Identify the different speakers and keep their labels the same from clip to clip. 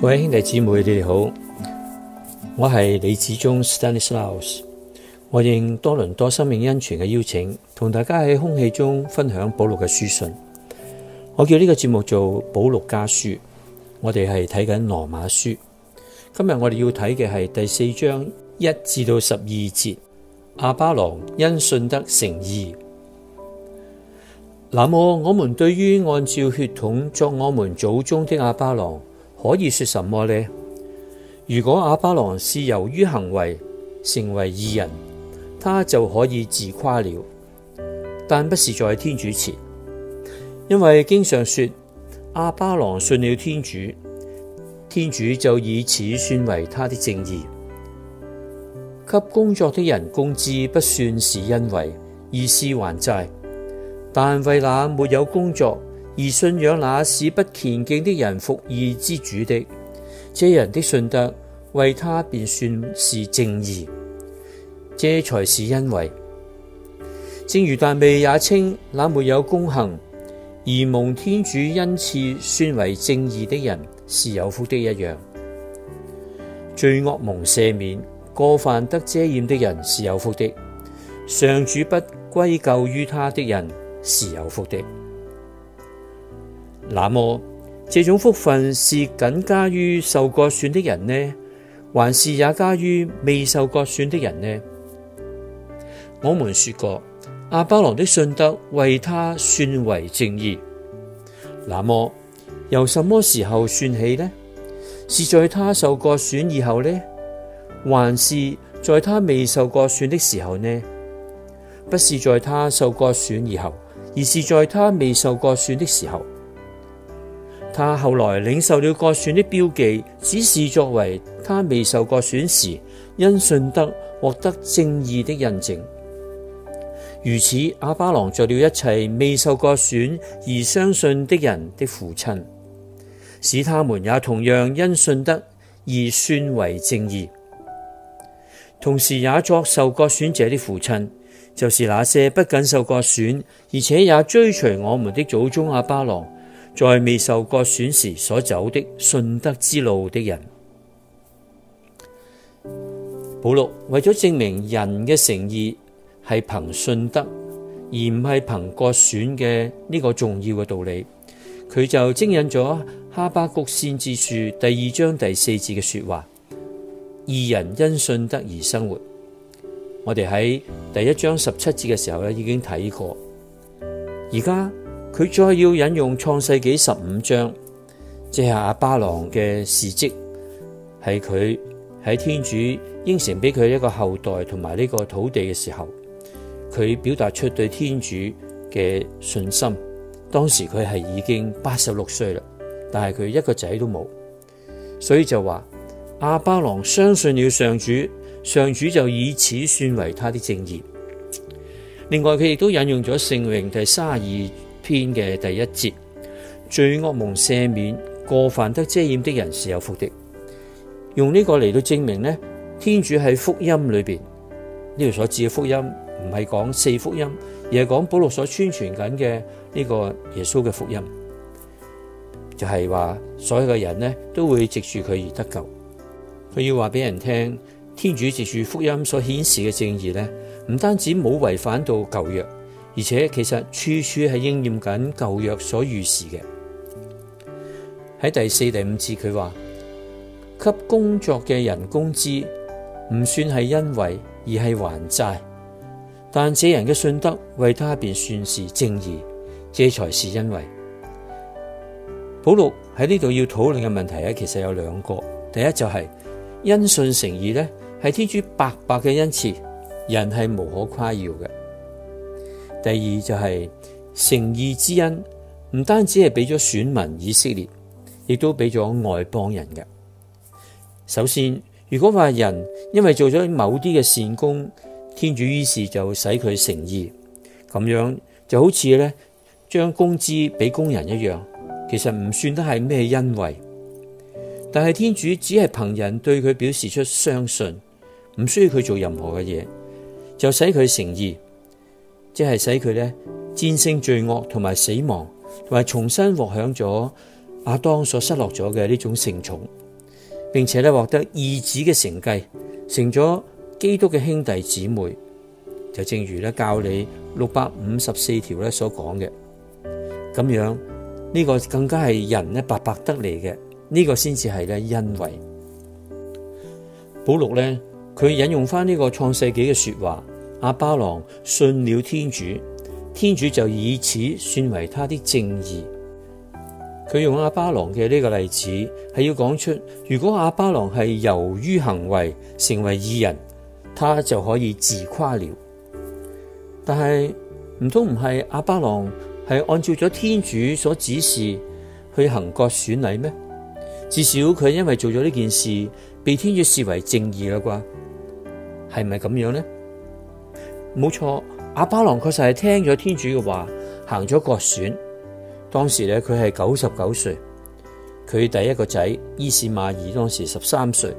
Speaker 1: 各位兄弟姊妹，你哋好！我係李子忠 Stanislaus，我應多倫多生命恩泉嘅邀請，同大家喺空氣中分享保祿嘅書信。我叫呢個節目做《保祿家書》，我哋係睇緊羅馬書。今日我哋要睇嘅係第四章一至到十二節。亞巴郎因信德成義。那麼我們對於按照血統作我們祖宗的亞巴郎。可以說什麼呢？如果亞巴郎是由於行為，成為義人，他就可以自誇了，但不是在天主前，因為經上說，亞巴郎信了天主，天主就以此算為他的正義。給工作的人工資，不算是恩惠，而是還債。但為那沒有工作，而信仰那使不虔敬的人復義之主的，這人的信德為他便算是正義。這纔是恩惠，正如達味也稱那沒有功行而蒙天主恩賜算為正義的人是有福的一樣，罪惡蒙赦免，過犯得遮掩的人是有福的上主不歸咎於他的人是有福的。那麼這種福分是僅加於受割損的人呢，還是也加於未受割損的人呢？我們說過，亞巴郎的信德為他算為正義。那麼由什麼時候算起呢？是在他受割損以後呢，還是在他未受割損的時候呢？不是在他受割損以後，而是在他未受割損的時候。他後來領受了割損的標記，只是作為他未受割損時因信德獲得正義的印證。如此，亞巴郎作了一切未受割損而相信的人的父親，使他們也同樣因信德而算為正義。同時，也作受割損者的父親，就是那些不僅受割損，而且也追隨我們的祖宗亞巴郎。在未受割損時所走的信德之路的人，保祿為咗證明人嘅成義係憑信德而唔係憑割損嘅呢個重要嘅道理，佢就徵引咗《哈巴谷先知書》第二章第四節嘅說話：義人因信德而生活。我哋喺第一章十七節嘅時候已經睇過，而家。佢再要引用創世紀十五章，即係阿巴郎嘅事跡，係佢喺天主應承俾佢一個後代同埋呢個土地嘅時候，佢表達出對天主嘅信心。當時佢係已經八十六歲啦，但係佢一個仔都冇，所以就話阿巴郎相信了上主，上主就以此算為他的正義。另外，佢亦都引用咗聖詠第三十二篇嘅第一節，罪惡蒙赦免，過犯得遮掩的人，是有福的。用呢個嚟到證明咧，天主喺福音裏邊呢條所指嘅福音，唔係講四福音，而係講保祿所宣傳緊嘅呢個耶穌嘅福音，就係話所有嘅人呢都會藉住佢而得救。佢要話俾人聽，天主藉住福音所顯示嘅正義呢，唔單止冇違反到舊約。而且其實處處係應驗緊舊約所預示嘅。喺第四、第五節佢話：，給工作嘅人工資唔算係恩惠而係還債。但這人嘅信德為他便算是正義，這才是恩惠。保祿喺呢度要討論嘅問題啊，其實有兩個。第一就係、是、因信成義咧，係天主白白嘅恩賜，人係無可誇耀嘅。第二就係、是、成義之恩，唔單止係俾咗選民以色列，亦都俾咗外邦人嘅。首先，如果話人因為做咗某啲嘅善功，天主於是就使佢成義，咁樣就好似咧將工資俾工人一樣，其實唔算得係咩恩惠。但係天主只係憑人對佢表示出相信，唔需要佢做任何嘅嘢，就使佢成義。即係使佢咧戰勝罪惡同埋死亡，同埋重新獲享咗阿當所失落咗嘅呢種聖寵，並且咧獲得義子嘅承繼，成咗基督嘅兄弟姊妹，就正如咧教理六百五十四條咧所講嘅咁樣，呢、這個更加係人咧白白得嚟嘅，呢、這個先至係咧恩惠。保祿咧，佢引用翻呢個創世紀嘅說話。亞巴郎信了天主，天主就以此算為他的正義。佢用亞巴郎嘅呢個例子，係要講出如果亞巴郎係由於行為成為義人，他就可以自誇了。但係唔通唔係亞巴郎係按照咗天主所指示去行割損禮咩？至少佢因為做咗呢件事，被天主視為正義啦啩？係咪咁樣咧？冇錯，亞巴郎確實係聽咗天主嘅話，行咗割損。當時呢，佢係九十九歲，佢第一個仔伊斯馬爾當時十三歲。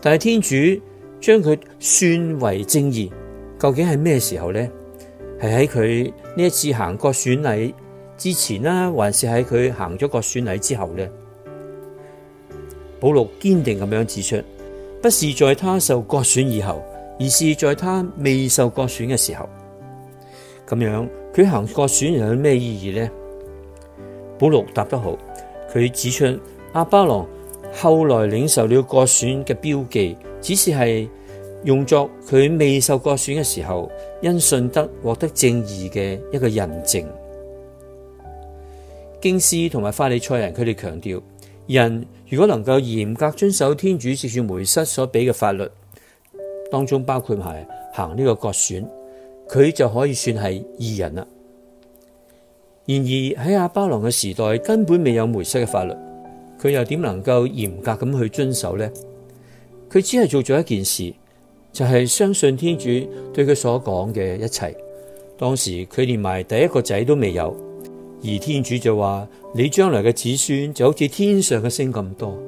Speaker 1: 但係天主將佢算為正義，究竟係咩時候呢？係喺佢呢一次行割損禮之前啦，還是喺佢行咗割損禮之後呢？保祿堅定咁樣指出，不是在他受割損以後。而是在他未受割損嘅時候，咁樣佢行割損又有咩意義呢？保祿答得好，佢指出亞巴郎後來領受了割損嘅標記，只是係用作佢未受割損嘅時候，因信德獲得正義嘅一個印證。經師同埋法利塞人，佢哋強調，人如果能夠嚴格遵守天主藉住梅瑟所俾嘅法律，當中包括埋行呢個割損，佢就可以算係義人啦。然而喺亞巴郎嘅時代根本未有梅瑟嘅法律，佢又點能夠嚴格咁去遵守呢？佢只係做咗一件事，就係、是、相信天主對佢所講嘅一切。當時佢連埋第一個仔都未有，而天主就話：你將來嘅子孫就好似天上嘅星咁多。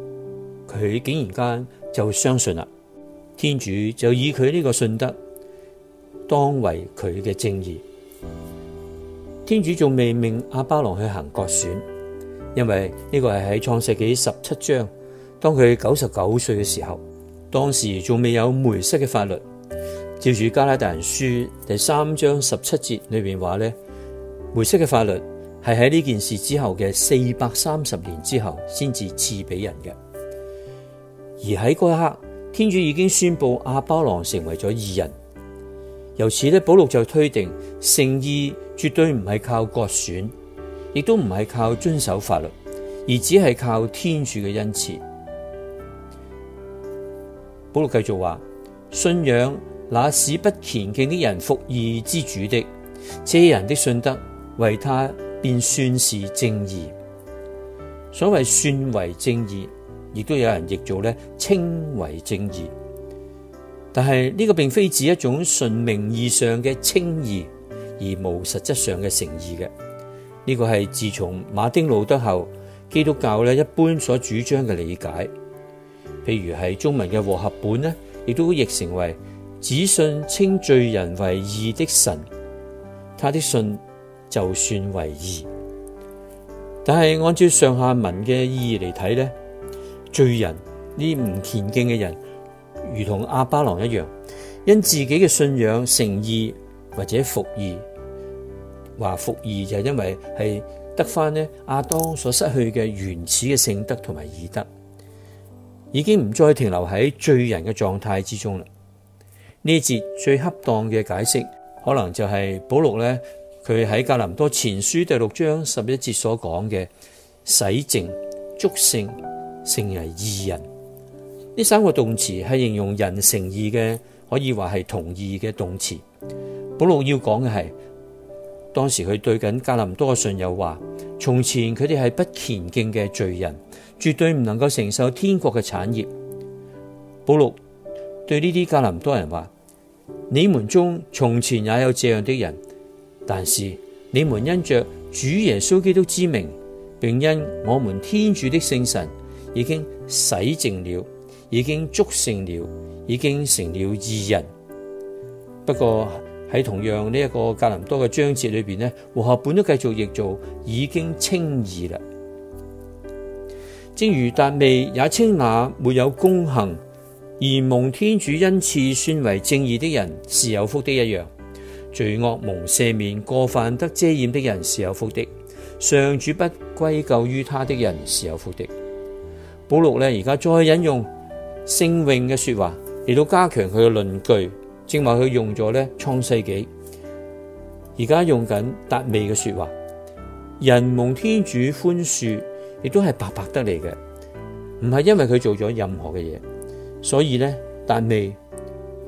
Speaker 1: 佢竟然間就相信啦。天主就以佢呢個信德當為佢嘅正義。天主仲未命阿巴郎去行割損，因為呢個係喺創世紀十七章，當佢九十九歲嘅時候，當時仲未有梅瑟嘅法律。照住加拉達人書第三章十七節裏邊話呢，梅瑟嘅法律係喺呢件事之後嘅四百三十年之後先至賜俾人嘅，而喺嗰一刻。天主已經宣布亞巴郎成為咗義人，由此咧，保祿就推定成義絕對唔係靠割損，亦都唔係靠遵守法律，而只係靠天主嘅恩賜。保祿繼續話：信仰那使不虔敬的人復義之主的，這人的信德為他便算是正義。所謂算為正義。亦都有人譯做咧，稱為正義，但係呢、這個並非指一種純名義上嘅稱義，而無實質上嘅成義嘅。呢、這個係自從馬丁路德後，基督教咧一般所主張嘅理解。譬如係中文嘅和合本呢亦都譯成為只信稱罪人為義的神，他的信就算為義。但係按照上下文嘅意義嚟睇呢。罪人呢，唔虔敬嘅人，如同亞巴郎一樣，因自己嘅信仰成義或者復義，話復義就因為係得返呢亞當所失去嘅原始嘅聖德同埋義德，已經唔再停留喺罪人嘅狀態之中啦。呢節最恰當嘅解釋，可能就係保祿呢佢喺格林多前書第六章十一節所講嘅洗淨、祝聖」。成為義人，呢三個動詞係形容人成義嘅，可以話係同義嘅動詞。保祿要講嘅係當時佢對緊格林多嘅信友話，從前佢哋係不虔敬嘅罪人，絕對唔能夠承受天國嘅產業。保祿對呢啲格林多人話：你們中從前也有這樣的人，但是你們因着主耶穌基督之名，並因我們天主的聖神。已經洗淨了，已經祝聖了，已經成了義人。不過喺同樣呢一，這個格林多嘅章節裏面，呢和合本都繼續譯做已經稱義了。正如達味也稱那沒有功行，而蒙天主恩賜算為正義的人，是有福的一樣，罪惡蒙赦免，過犯得遮掩的人是有福的，上主不歸咎於他的人是有福的。保祿咧，而家再引用聖詠嘅說話，嚟到加強佢嘅論據，正話佢用咗咧創世紀。而家用緊達味嘅說話，人蒙天主寬恕，亦都係白白得嚟嘅，唔係因為佢做咗任何嘅嘢。所以咧，達味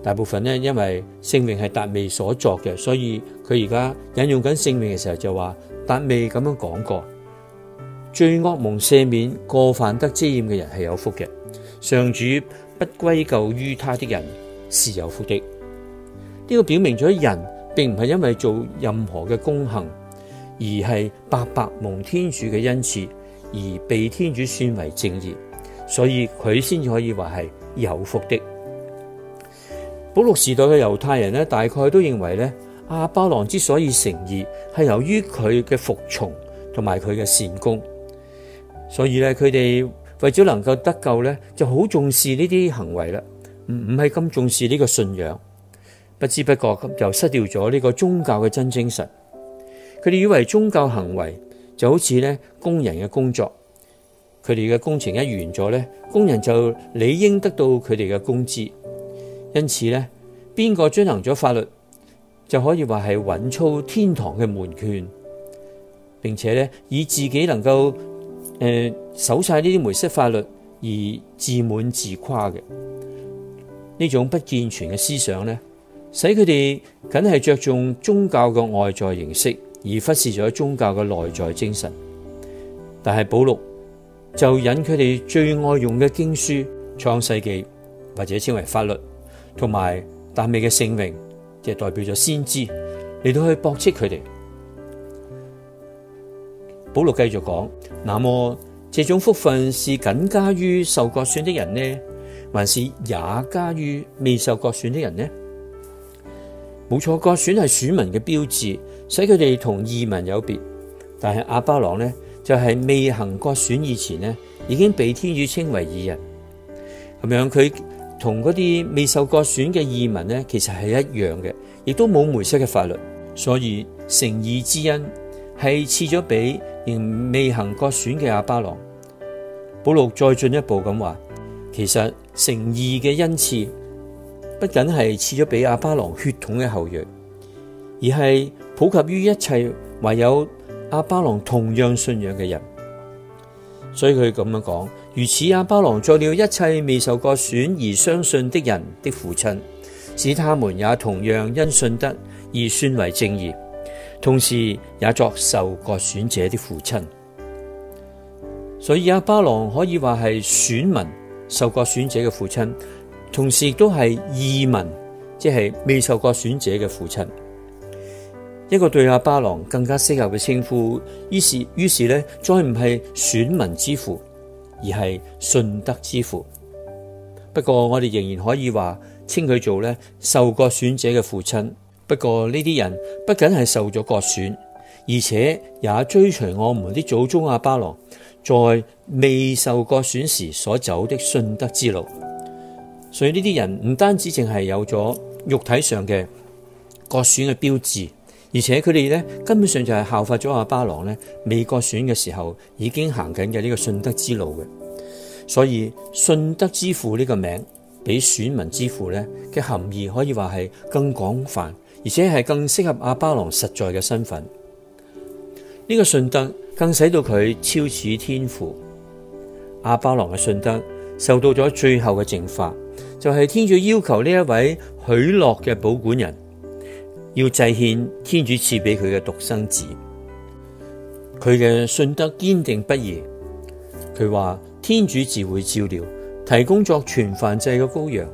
Speaker 1: 大部分咧，因為聖詠係達味所作嘅，所以佢而家引用緊聖詠嘅時候就話達味咁樣講過。最惡蒙赦免，過犯得遮掩嘅人係有福嘅；上主不歸咎於他的人是有福的。呢、這個表明咗人并唔係因為做任何嘅功行，而係白白蒙天主嘅恩賜而被天主算為正義，所以佢先至可以話係有福的。保祿時代嘅猶太人呢，大概都認為呢，阿巴郎之所以成義，係由於佢嘅服從同埋佢嘅善功。所以咧，佢哋為咗能夠得救咧，就好重視呢啲行為啦，唔唔係咁重視呢個信仰。不知不覺咁又失掉咗呢個宗教嘅真精神。佢哋以為宗教行為就好似咧工人嘅工作，佢哋嘅工程一完咗咧，工人就理應得到佢哋嘅工資。因此咧，邊個遵行咗法律就可以話係穩操天堂嘅門券，並且咧以自己能夠。誒，守晒呢啲梅瑟法律而自滿自誇嘅呢種不健全嘅思想咧，使佢哋僅係着重宗教嘅外在形式，而忽視咗宗教嘅內在精神。但係保祿就引佢哋最愛用嘅經書《創世紀》，或者稱為法律，同埋達味嘅聖詠，即係代表咗先知嚟到去駁斥佢哋。保祿繼續講，那麼這種福分是僅加於受割損的人呢，還是也加於未受割損的人呢？冇錯，割損係選民嘅標誌，使佢哋同異民有別。但係亞巴郎呢，就係、是、未行割損以前呢，已經被天主稱為義人。咁樣佢同嗰啲未受割損嘅異民呢，其實係一樣嘅，亦都冇梅瑟嘅法律。所以成義之恩。係賜咗俾仍未行割損嘅阿巴郎，保祿再進一步咁話，其實成義嘅恩賜，不僅係賜咗俾阿巴郎血統嘅後裔，而係普及於一切懷有阿巴郎同樣信仰嘅人。所以佢咁樣講，如此阿巴郎作了一切未受割損而相信的人的父親，使他們也同樣因信德而算為正義。同時，也作受割損者的父親，所以亞巴郎可以話係選民受割損者嘅父親，同時亦都係異民，即係未受割損者嘅父親。一個對亞巴郎更加適合嘅稱呼，於是於是呢再唔係選民之父，而係信德之父。不過，我哋仍然可以話稱佢做呢受割損者嘅父親。不過呢啲人不僅係受咗割損，而且也追隨我們啲祖宗亞巴郎在未受割損時所走的信德之路。所以呢啲人唔單止淨係有咗肉體上嘅割損嘅標誌，而且佢哋咧根本上就係效法咗亞巴郎咧未割損嘅時候已經行緊嘅呢個信德之路嘅。所以信德之父呢個名比選民之父咧嘅含義可以話係更廣泛。而且係更適合亞巴郎實在嘅身份，呢、這個信德更使到佢超此天賦。亞巴郎嘅信德受到咗最後嘅淨化，就係、是、天主要求呢一位許諾嘅保管人，要祭獻天主賜俾佢嘅獨生子。佢嘅信德堅定不移，佢話天主自會照料，提供作全燔祭嘅羔羊。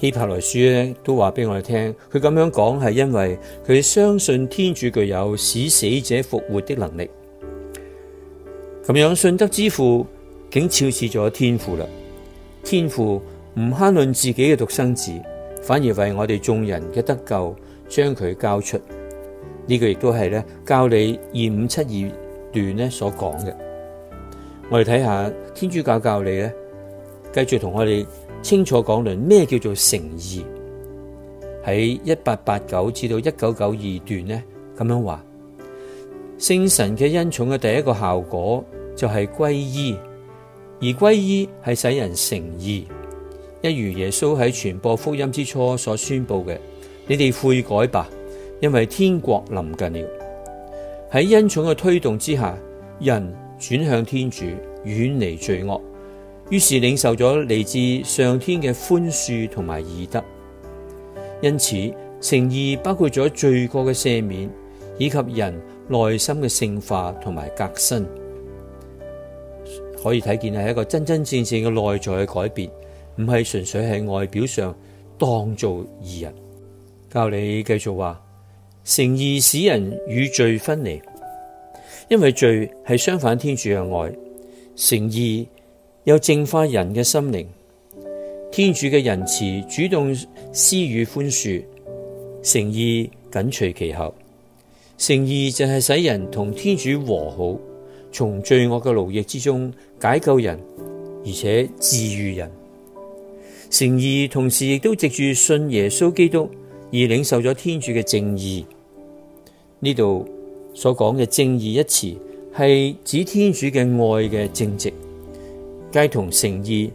Speaker 1: 希伯萊書咧都話俾我哋聽，佢咁樣講係因為佢相信天主具有使死者復活的能力。咁樣信德之父竟超似咗天父啦！天父唔慳吝自己嘅獨生子，反而為我哋眾人嘅得救將佢交出。呢個亦都係咧教理二五七二段咧所講嘅。我哋睇下天主教教理咧，繼續同我哋。清楚講論咩叫做成義？喺一八八九至到一九九二段呢咁樣話，聖神嘅恩寵嘅第一個效果就係皈依，而皈依係使人成義。一如耶穌喺傳播福音之初所宣布嘅：「你哋悔改吧，因為天國臨近了。」喺恩寵嘅推動之下，人轉向天主，遠離罪惡。於是領受咗嚟自上天嘅寬恕同埋義德，因此成義包括咗罪過嘅赦免，以及人內心嘅聖化同埋革新。可以睇見係一個真真正正嘅內在嘅改變，唔係純粹喺外表上當做義人。教理繼續話，成義使人與罪分離，因為罪係相反天主嘅愛，成義。有淨化人嘅心靈，天主嘅仁慈主動施予寬恕，成義緊隨其後。成義就係使人同天主和好，從罪惡嘅奴役之中解救人，而且治愈人。成義同時亦都藉住信耶穌基督而領受咗天主嘅正義。呢度所講嘅正義一詞係指天主嘅愛嘅正直。皆同成義、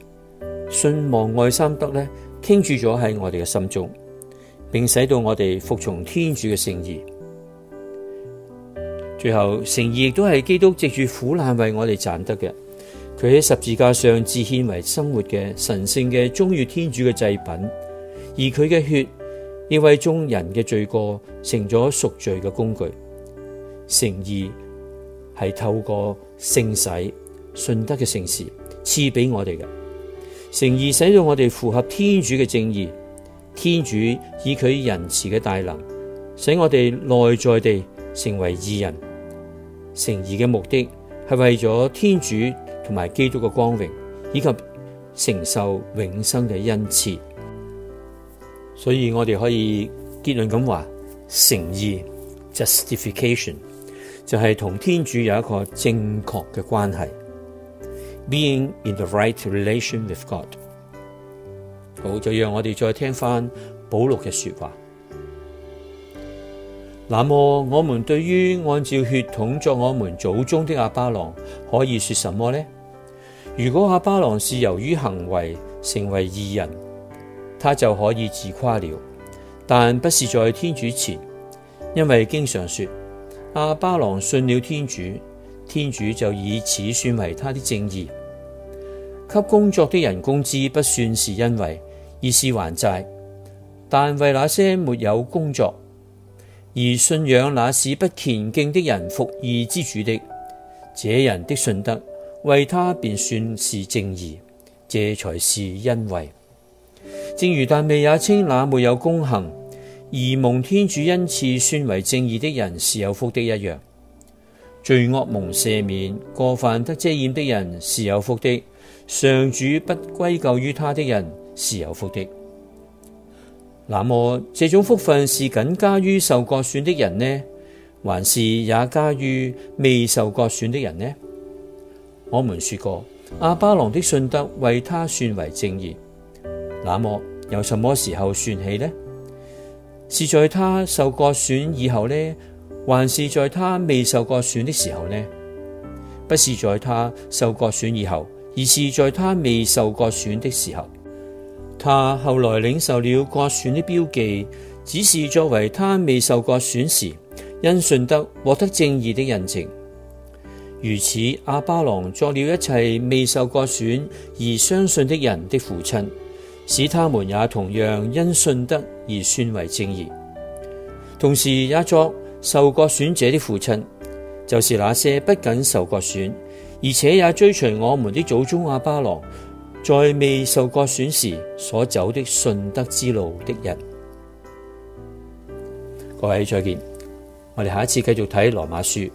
Speaker 1: 信望愛三德呢，傾注咗喺我哋嘅心中，並使到我哋服從天主嘅成義。最後，成義亦都係基督藉住苦難為我哋賺得嘅。佢喺十字架上自獻為生活嘅神聖嘅忠於天主嘅祭品，而佢嘅血亦為眾人嘅罪過成咗贖罪嘅工具。成義係透過聖洗，信德嘅聖事。賜俾我哋嘅成義，使到我哋符合天主嘅正義。天主以佢仁慈嘅大能，使我哋內在地成為義人。成義嘅目的係為咗天主同埋基督嘅光榮，以及承受永生嘅恩賜。所以我哋可以結論咁話，成義 （justification） 就係同天主有一個正確嘅關係。Being in the right relation with God。好，就讓我哋再聽翻保祿嘅說話。那麼，我們對於按照血統作我們祖宗的亞巴郎，可以說什麼呢？如果亞巴郎是由於行為，成為義人，他就可以自誇了，但不是在天主前，因為經上說，亞巴郎信了天主。天主就以此算為他的正義，給工作的人工資不算是恩惠，而是還債。但為那些沒有工作而信仰那是不虔敬的人復義之主的，這人的信德為他便算是正義，這才是恩惠。正如達味也稱那沒有功行而蒙天主恩賜算為正義的人是有福的一樣。罪惡蒙赦免，過犯得遮掩的人是有福的；上主不歸咎於他的人是有福的。那麼，這種福分是僅加於受割損的人呢，還是也加於未受割損的人呢？我們說過，亞巴郎的信德為他算為正義。那麼，由什麼時候算起呢？是在他受割損以後呢？還是在他未受過損的時候呢？不是在他受過損以後，而是在他未受過損的時候。他後來領受了割損的標記，只是作為他未受過損時因信德獲得正義的印證。如此，亞巴郎作了一切未受過損而相信的人的父親，使他們也同樣因信德而算為正義，同時也作，受割損者的父親，就是那些不僅受割損，而且也追隨我們的祖宗亞巴郎，在未受割損時所走的信德之路的人。各位再見，我哋下一次繼續睇羅馬書。